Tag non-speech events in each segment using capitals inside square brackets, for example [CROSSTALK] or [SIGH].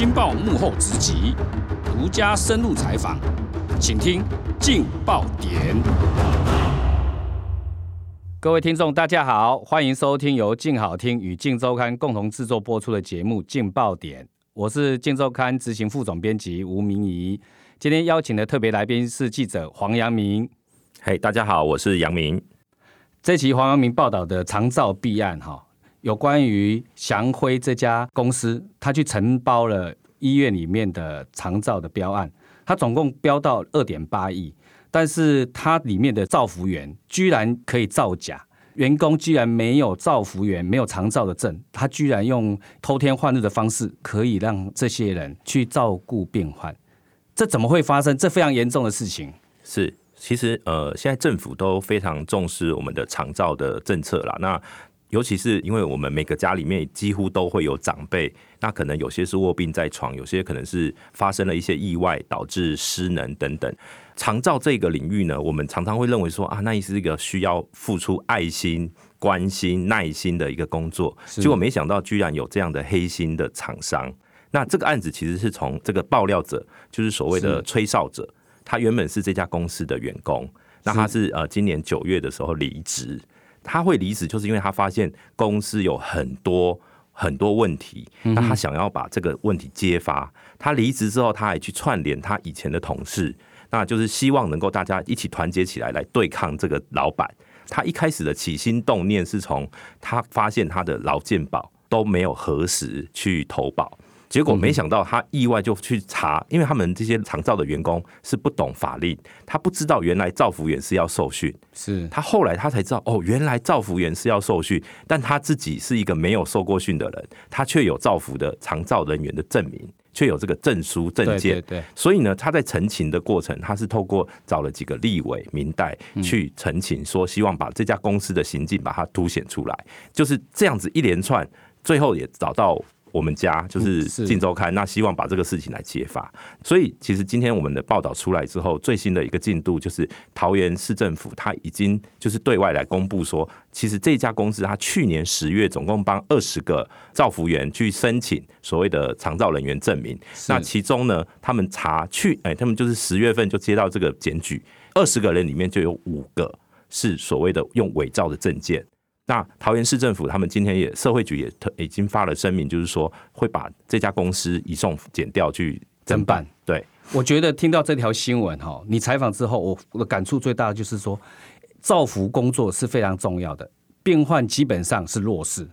《鏡報》幕後直擊，獨家深入採訪，請聽《鏡爆點》。各位聽眾，大家好，歡迎收聽由鏡好聽與《鏡週刊》共同製作播出的節目《鏡爆點》，我是《鏡週刊》執行副總編輯吳明儀。今天邀請的特別來賓是記者黃陽明。嘿、hey，大家好，我是陽明。這期黃陽明報道的長照弊案，哈。有關於祥暉這家公司，他去承包了醫院裡面的長照的標案，他總共標到二點八億，但是他裡面的照服員居然可以造假，員工居然沒有照服員沒有長照的證，他居然用偷天換日的方式可以讓這些人去照顧病患，這怎麼會發生？這非常嚴重的事情。是，其實呃，現在政府都非常重視我們的長照的政策啦，那。尤其是因為我們每個家裡面幾乎都會有長輩，那可能有些是臥病在床，有些可能是發生了一些意外導致失能等等。長照這個領域呢，我們常常會認為說啊，那也是一個需要付出愛心、關心、耐心的一個工作。結果沒想到，居然有這樣的黑心的廠商。那這個案子其實是從這個爆料者，就是所謂的吹哨者，他原本是這家公司的員工，那他是呃今年九月的時候離職。他會離職，就是因為他發現公司有很多很多問題，那他想要把這個問題揭發。他離職之後，他還去串聯他以前的同事，那就是希望能夠大家一起團結起來，來對抗這個老闆。他一開始的起心動念是從他發現他的勞健保都沒有核實去投保。結果沒想到他意外就去查，因為他們這些長照的員工是不懂法令，他不知道原來照服員是要受訓。是，他後來他才知道，哦，原來照服員是要受訓，但他自己是一個沒有受過訓的人，他卻有照服的長照人員的證明，卻有這個證書證件。對，所以呢，他在澄清的過程，他是透過找了幾個立委、民代去澄清，說希望把這家公司的行徑把它凸顯出來，就是這樣子一連串，最後也找到。我們家就是《鏡週刊》，那希望把這個事情來揭發。所以，其實今天我們的報道出來之後，最新的一個進度就是，桃園市政府他已經就是對外來公布說，其實這家公司他去年十月總共幫二十個照服員去申請所謂的長照人員證明。那其中呢，他們查去，哎、欸，他們就是十月份就接到這個檢舉，二十個人裡面就有五個是所謂的用偽造的證件。那桃園市政府他們今天也社會局也特已經發了聲明，就是說會把這家公司移送檢調去偵辦，辦。對，我覺得聽到這條新聞哈，你採訪之後，我我的感觸最大的就是說，照服工作是非常重要的。病患基本上是弱勢，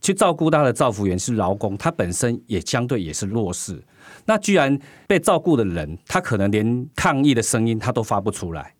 去照顧他的照服員是勞工，他本身也相對也是弱勢。那居然被照顧的人，他可能連抗議的聲音他都發不出來。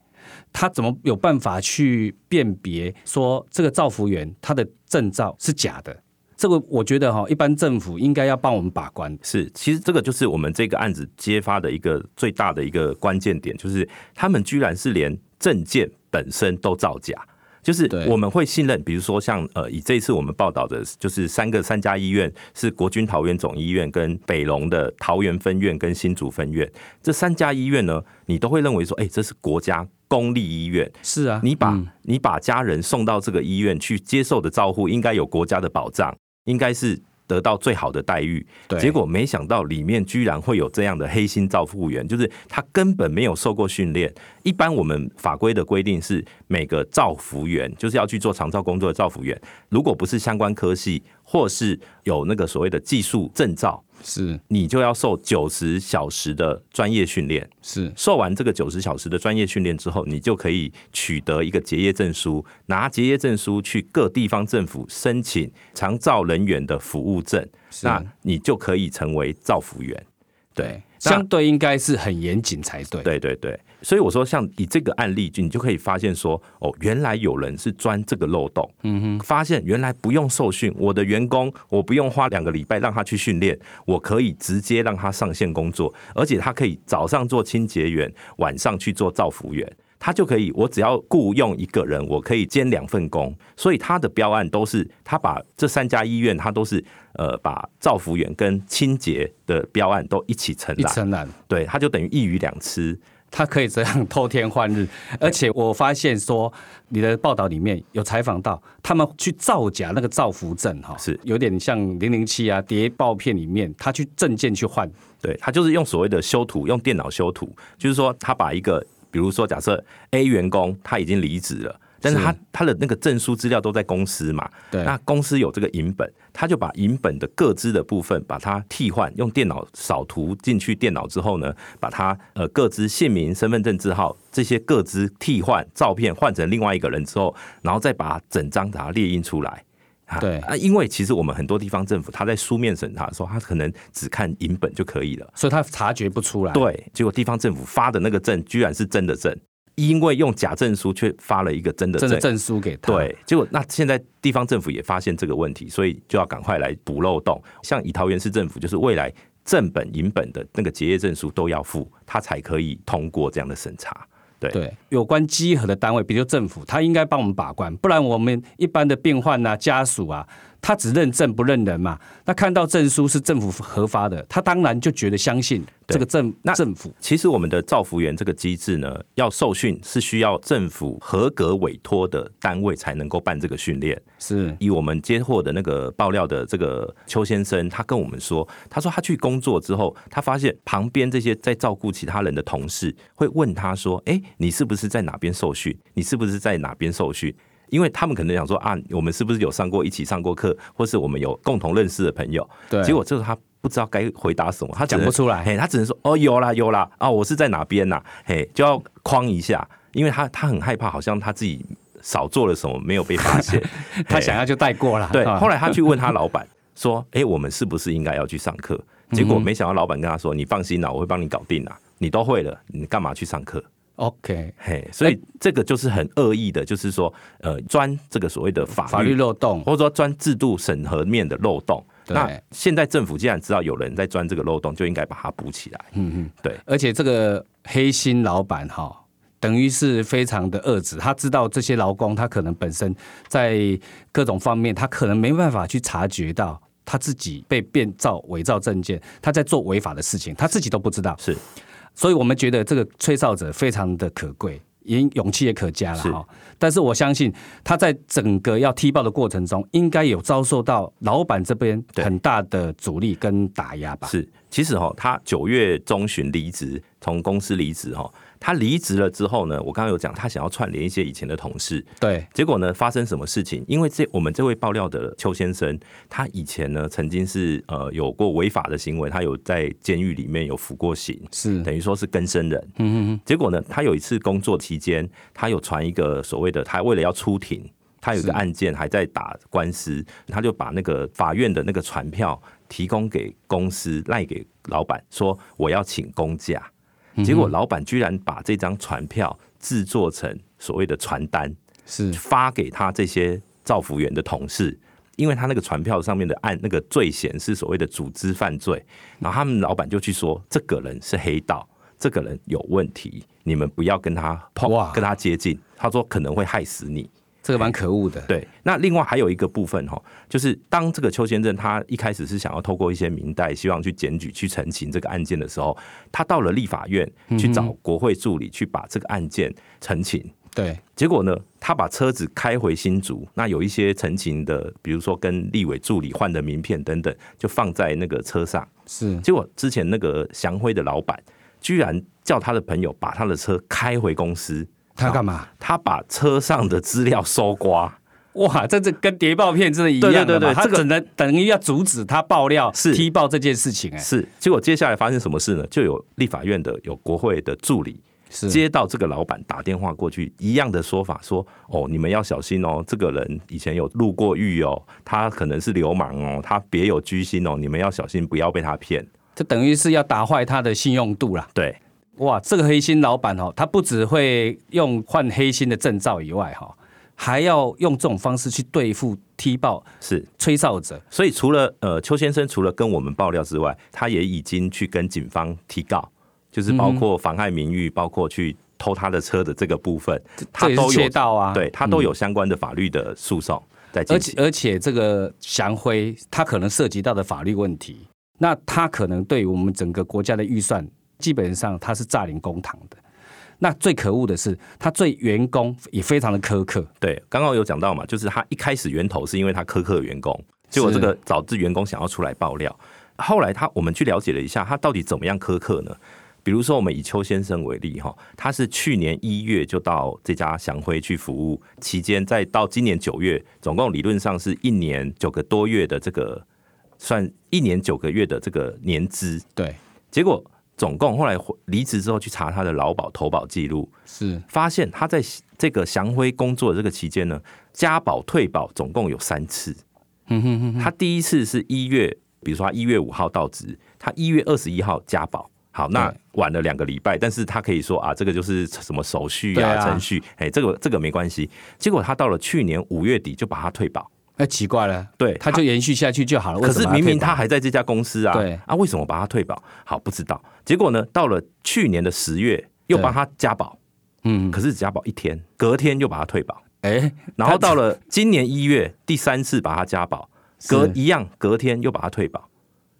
他怎麼有辦法去辨別說這個照服員，他的證照是假的？這個我覺得哈，一般政府應該要幫我們把關。是，其實這個就是我們這個案子揭發的一個最大的一個關鍵點，就是他們居然是連證件本身都造假。就是我們會信任，比如說像呃，以這一次我們報道的，就是三個三家醫院是國軍桃園總醫院、跟北龍的桃園分院跟新竹分院這三家醫院呢，你都會認為說，哎，這是國家公立醫院，是啊，你把你把家人送到這個醫院去接受的照護，應該有國家的保障，應該是。得到最好的待遇，結果沒想到裡面居然會有這樣的黑心照服員，就是他根本沒有受過訓練。一般我們法規的規定是，每個照服員就是要去做長照工作的照服員，如果不是相關科系或是有那個所謂的技術證照。是你就要受九十小時的專業訓練，是受完這個九十小時的專業訓練之後，你就可以取得一個結業證書，拿結業證書去各地方政府申請長照人員的服務證是，那你就可以成為照服員，對。對相對應該是很嚴謹才對。對對對，所以我說像以這個案例，你就可以發現說，哦，原來有人是鑽這個漏洞。嗯哼，發現原來不用受訓，我的員工我不用花兩個禮拜讓他去訓練，我可以直接讓他上線工作，而且他可以早上做清潔員，晚上去做照服員。他就可以，我只要雇用一個人，我可以兼兩份工，所以他的標案都是他把這三家醫院，他都是呃把照服員跟清潔的標案都一起承攬，一承攬對，他就等於一魚兩吃，他可以這樣偷天換日。而且我發現說，你的報道裡面有採訪到他們去造假那個照服證，哈、喔，是有點像零零七啊諜報片裡面，他去證件去換，對他就是用所謂的修圖，用電腦修圖，就是說他把一個。比如說，假設 A 員工他已經離職了，但是他他的那個證書資料都在公司嘛，那公司有這個銀本，他就把銀本的個資的部分把它替換，用電腦掃圖進去電腦之後呢，把它呃個資姓名、身份證字號這些個資替換照片換成另外一個人之後，然後再把整張把它列印出來。對，啊，因為其實我們很多地方政府，他在書面審查的時候，他可能只看影本就可以了，所以他察覺不出來。對，結果地方政府發的那個證居然是真的證，因為用假證書卻發了一個真的證真的證書給他。對，結果那現在地方政府也發現這個問題，所以就要趕快來補漏洞。像以桃園市政府就是未來正本影本的那個結業證書都要附，他才可以通過這樣的審查。對,對，有關稽核的單位，比如政府，他應該幫我們把關，不然我們一般的病患啊、家屬啊。他只認證不認人嘛。那看到證書是政府核發的，他當然就覺得相信這個政，那政府。其實我們的照服員，這個機制呢，要受訓是需要政府合格委託的單位才能夠辦這個訓練。是、嗯、以我們接獲的那個爆料的這個邱先生，他跟我們說，他說他去工作之後，他發現旁邊這些在照顧其他人的同事會問他說：“哎、欸，你是不是在哪邊受訓？你是不是在哪邊受訓？”因為他們可能想說啊，我們是不是有上過一起上過課，或是我們有共同認識的朋友？結果這他不知道該回答什麼，他講不出來，他只能說，哦，有啦有啦啊、哦，我是在哪邊吶、啊？哎，就要框一下，因為他他很害怕，好像他自己少做了什麼，沒有被發現， [LAUGHS] 他想要就帶過啦。對，後來他去問他老板說，哎、 [LAUGHS] 欸，我們是不是應該要去上課？結果沒想到老板跟他說，你放心啦，我會幫你搞定啦，你都會了，你幹嘛去上課？OK，嘿，所以這個就是很惡意的，就是說，欸、呃，鑽這個所謂的法律法律漏洞，或者說鑽制度審核面的漏洞，對。那現在政府既然知道有人在鑽這個漏洞，就應該把它補起來。嗯嗯，對。而且這個黑心老闆哈，等於是非常的惡質，他知道這些勞工他可能本身在各種方面，他可能沒辦法去察覺到他自己被變造、偽造證件，他在做違法的事情，他自己都不知道。是。所以我們覺得這個吹哨者非常的可貴，也勇氣也可嘉了哈。但是我相信他在整個要踢爆的過程中，應該有遭受到老闆這邊很大的阻力跟打壓吧。是，其實哈、哦，他九月中旬離職，從公司離職哈、哦。他離職了之後呢，我剛剛有講他想要串聯一些以前的同事，對，結果呢，發生什麼事情？因為這我們這位爆料的邱先生，他以前呢曾經是呃有過違法的行為，他有在監獄裡面有服過刑，是等於說是更生人。嗯嗯。結果呢，他有一次工作期間，他有傳一個所謂的，他為了要出庭，他有一個案件還在打官司，他就把那個法院的那個傳票提供給公司賴給老板，說我要請公假。結果老闆居然把這張傳票製作成所謂的傳單，是發給他這些照服員的同事，因為他那個傳票上面的案那個罪嫌是所謂的組織犯罪，然後他們老闆就去說這個人是黑道，這個人有問題，你們不要跟他碰，跟他接近，他說可能會害死你。這個蠻可惡的、哎，對。那另外還有一個部分哈、哦，就是當這個邱先生他一開始是想要透過一些民代，希望去檢舉、去澄清這個案件的時候，他到了立法院去找國會助理去把這個案件澄清。對、嗯。結果呢，他把車子開回新竹，那有一些澄清的，比如說跟立委助理換的名片等等，就放在那個車上。是。結果之前那個祥暉的老闆，居然叫他的朋友把他的車開回公司。他幹嘛、啊？他把車上的資料搜刮，哇！這這跟諜報片真的一樣的，對對對，他、這個、他只能等於要阻止他爆料，是踢爆這件事情哎、欸。是，結果接下來發生什麼事呢？就有立法院的有國會的助理是接到這個老闆打電話過去，一樣的說法，說：“哦，你們要小心哦，這個人以前有入過獄哦，他可能是流氓哦，他別有居心哦，你們要小心，不要被他騙。”這等於是要打壞他的信用度啦，對。哇，這個黑心老板哦，他不只會用換黑心的證照以外哈，還要用這種方式去對付踢爆是吹哨者。所以除了呃邱先生除了跟我們爆料之外，他也已經去跟警方提告，就是包括妨害名譽、嗯，包括去偷他的車的這個部分，他都有竊盜啊，對，他都有相關的法律的訴訟在進行，嗯，而且而且這個祥暉他可能涉及到的法律問題，那他可能對我們整個國家的預算。基本上他是詐領公帑的，那最可惡的是他對員工也非常的苛刻。對，剛剛有講到嘛，就是他一開始源頭是因為他苛刻的員工，結果這個導致員工想要出來爆料。後來他我們去了解了一下，他到底怎麼樣苛刻呢？比如說我們以邱先生為例，哈，他是去年一月就到這家祥暉去服務，期間再到今年九月，總共理論上是一年九個多月的這個算一年九個月的這個年資，對，結果。總共後來離職之後去查他的勞保投保記錄，是發現他在這個祥暉工作的這個期間呢，加保退保總共有三次。嗯哼哼，他第一次是一月，比如說他一月五號到職，他一月二十一號加保，好，那晚了兩個禮拜，但是他可以說啊，這個就是什麼手續啊、程序，哎、啊欸，這個這個沒關係。結果他到了去年五月底就把他退保。哎，奇怪了，對他，他就延續下去就好了。可是明明他還在這家公司啊，對，啊，為什麼把他退保？好，不知道。結果呢，到了去年的十月，又幫他加保，嗯，可是只加保一天，隔天又把他退保，哎、欸，然後到了今年一月，第三次把他加保，隔一樣隔天又把他退保，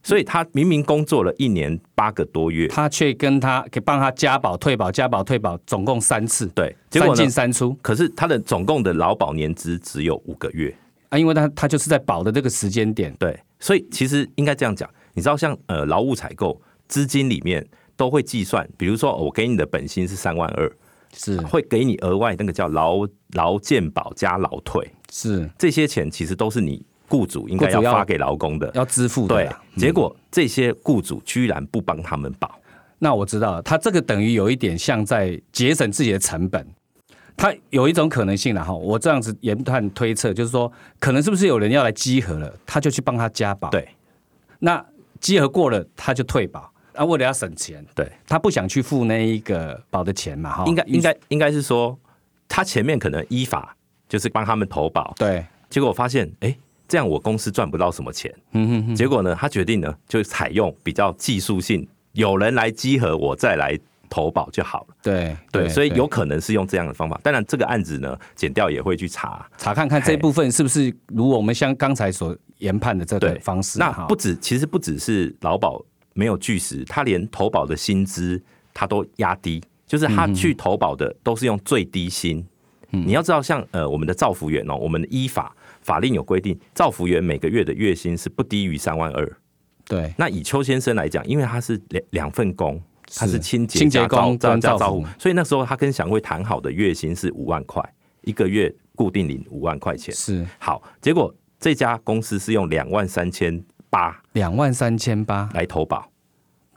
所以他明明工作了一年八個多月，他卻跟他給幫他加保退保加保退保總共三次，對，三進三出。可是他的總共的勞保年資只有五個月。啊，因為他他，他就是在保的這個時間點，對，所以其實應該這樣講，你知道像呃勞務採購資金裡面都會計算，比如說我給你的本薪是三萬二，是會給你額外那個叫勞勞健保加勞退，是這些錢其實都是你雇主應該要發給勞工的，要，要支付的。對、嗯，結果這些雇主居然不幫他們保，那我知道了，他這個等於有一點像在節省自己的成本。他有一種可能性啦哈，我這樣子研判推測，就是說，可能是不是有人要來集合了，他就去幫他加保。對，那集合過了，他就退保。啊，為了要省錢，對，他不想去付那一個保的錢嘛哈。應該應該應該是說，他前面可能依法就是幫他們投保。對，結果我發現，哎、欸，這樣我公司賺不到什麼錢。嗯哼哼，結果呢，他決定呢，就採用比較技術性，有人來集合，我再來。投保就好了對。對對，所以有可能是用這樣的方法。當然，但這個案子呢，檢調也會去查，查看看這一部分是不是如我們像剛才所研判的這種方式，對對。那不止，其實不只是勞保沒有據實，他連投保的薪資他都壓低，就是他去投保的都是用最低薪。嗯、你要知道像，像呃我們的照服員哦，我們的依法法令有規定，照服員每個月的月薪是不低於三萬二。對。那以邱先生來講，因為他是兩兩份工。他是清潔工、家家照顧，所以那時候他跟祥暉談好的月薪是五萬塊，一個月固定領五萬塊錢。是好，結果這家公司是用兩萬三千八，兩萬三千八來投保，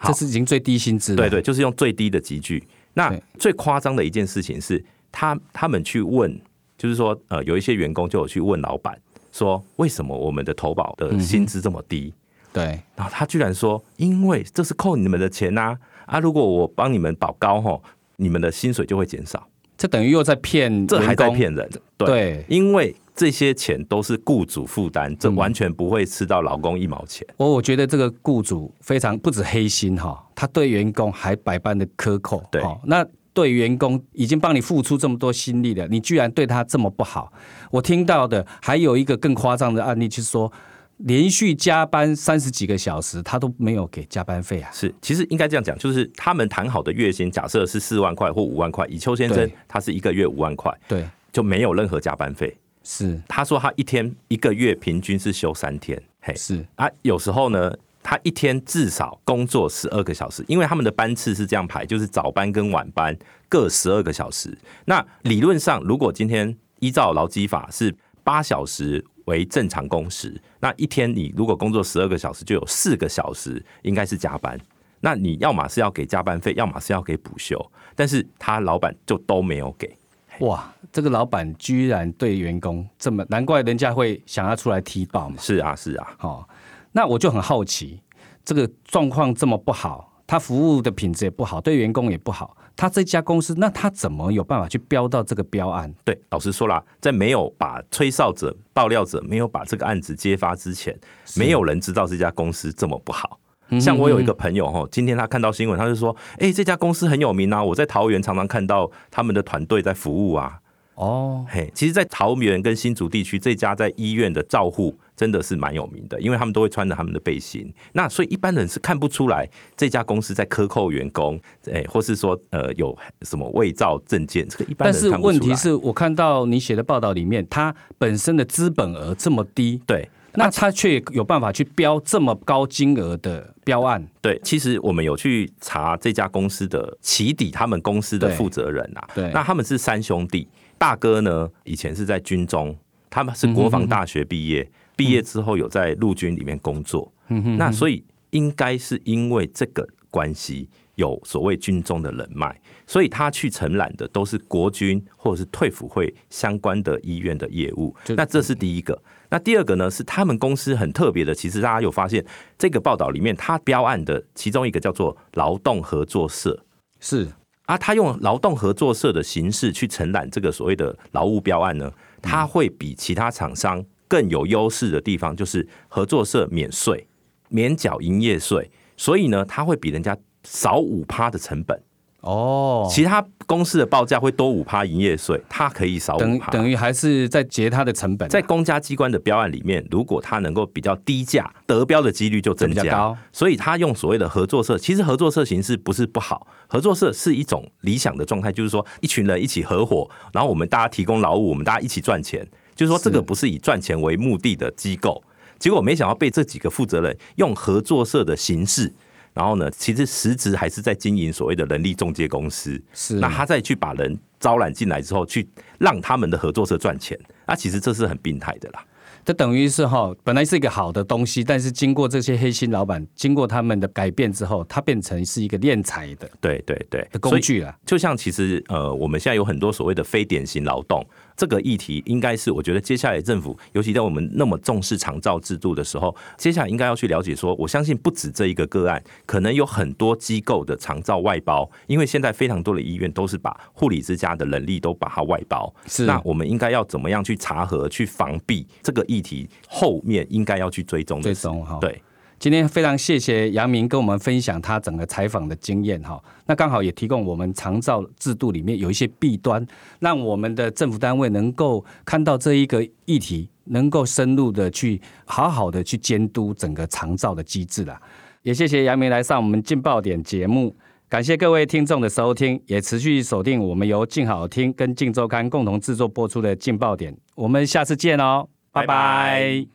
這是已經最低薪資。對,對對，就是用最低的級距。那最誇張的一件事情是他，他們去問，就是說，呃，有一些員工就有去問老板，說為什麼我們的投保的薪資這麼低、嗯？對，然後他居然說，因為這是扣你們的錢吶、啊。啊！如果我幫你們保高吼，你們的薪水就會減少。這等於又在騙，這還在騙人對。對，因為這些錢都是雇主負擔，這完全不會吃到勞工一毛錢。嗯、我我覺得這個雇主非常不止黑心哈、哦，他對員工還百般的苛扣。對、哦，那對員工已經幫你付出這麼多心力了，你居然對他這麼不好。我聽到的還有一個更誇張的案例就是說。連續加班三十幾個小時，他都沒有給加班費啊？是，其實應該這樣講，就是他們談好的月薪，假設是四萬塊或五萬塊。以邱先生，他是一個月五萬塊，對，就沒有任何加班費。是，他說他一天一個月平均是休三天，嘿，是。啊，有時候呢，他一天至少工作十二個小時，因為他們的班次是這樣排，就是早班跟晚班各十二個小時。那理論上，嗯，如果今天依照勞基法是八小時。為正常工時，那一天你如果工作十二個小時，就有四個小時應該是加班。那你要嘛是要給加班費，要麼是要給補休，但是他老板就都沒有給。哇，這個老板居然對員工這麼，難怪人家會想要出來踢爆。是啊，是啊，哦，那我就很好奇，這個狀況這麼不好。他服務的品質也不好，對員工也不好。他這家公司，那他怎麼有辦法去標到這個標案？對，老實說啦，在沒有把吹哨者、爆料者沒有把這個案子揭發之前，沒有人知道這家公司這麼不好。像我有一個朋友哈、嗯，今天他看到新聞，他就說：“哎，這家公司很有名啊，我在桃園常常看到他們的團隊在服務啊。”哦，嘿，其實，在桃園跟新竹地區，這家在醫院的照護。真的是蠻有名的，因為他們都會穿着他們的背心，那所以一般人是看不出來這家公司在克扣員工，哎、欸，或是說呃有什麼偽造證件。這個一般人看不出來。但是問題是我看到你寫的報道裡面，他本身的資本額這麼低，對，那他卻有辦法去標這麼高金額的標案。對，其實我們有去查這家公司的起底，他們公司的負責人啊，對，對，那他們是三兄弟，大哥呢以前是在軍中，他們是國防大學畢業。嗯哼哼。畢業之後有在陸軍裡面工作，嗯、哼哼。那所以應該是因為這個關係，有所謂軍中的人脈，所以他去承攬的都是國軍或者是退輔會相關的醫院的業務，嗯哼哼。那這是第一個。那第二個呢？是他們公司很特別的，其實大家有發現這個報道裡面他標案的其中一個叫做勞動合作社，是啊，他用勞動合作社的形式去承攬這個所謂的勞務標案呢，嗯，他會比其他廠商。更有優勢的地方就是合作社免稅，免繳營業稅，所以呢，他會比人家少五趴的成本。哦，其他公司的報價會多五趴營業稅，它可以少五，等於還是在結它的成本。在公家機關的標案裡面，如果他能夠比較低價，得標的幾率就增加，所以他用所謂的合作社，其實合作社形式不是不好，合作社是一種理想的狀態，就是說一群人一起合夥，然後我們大家提供勞務，我們大家一起賺錢。就是說，這個不是以賺錢為目的的機構，結果沒想到被這幾個負責人用合作社的形式，然後呢，其實實質還是在經營所謂的人力中介公司。是，那他再去把人招攬進來之後，去讓他們的合作社賺錢，那其實這是很病態的啦。這等於是哈，本來是一個好的東西，但是經過這些黑心老闆，經過他們的改變之後，它變成是一個斂財的，對對對，的工具啦。就像其實呃，我們現在有很多所謂的非典型勞動。這個議題應該是，我覺得接下來政府，尤其在我們那麼重視長照制度的時候，接下來應該要去了解說，我相信不止這一個個案，可能有很多機構的長照外包，因為現在非常多的醫院都是把護理之家的能力都把它外包。是，那我們應該要怎麼樣去查核、去防弊這個議題，後面應該要去追蹤的。對。今天非常謝謝楊明跟我們分享他整個採訪的經驗哈，那剛好也提供我們長照制度裡面有一些弊端，讓我們的政府單位能夠看到這一個議題，能夠深入的去好好的去監督整個長照的機制啦。也謝謝楊明來上我們《鏡爆點》節目，感謝各位聽眾的收聽，也持續鎖定我們由鏡好聽跟鏡週刊共同制作播出的《鏡爆點》，我們下次見哦，拜拜。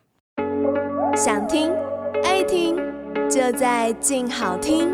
想聽。就在靜好聽。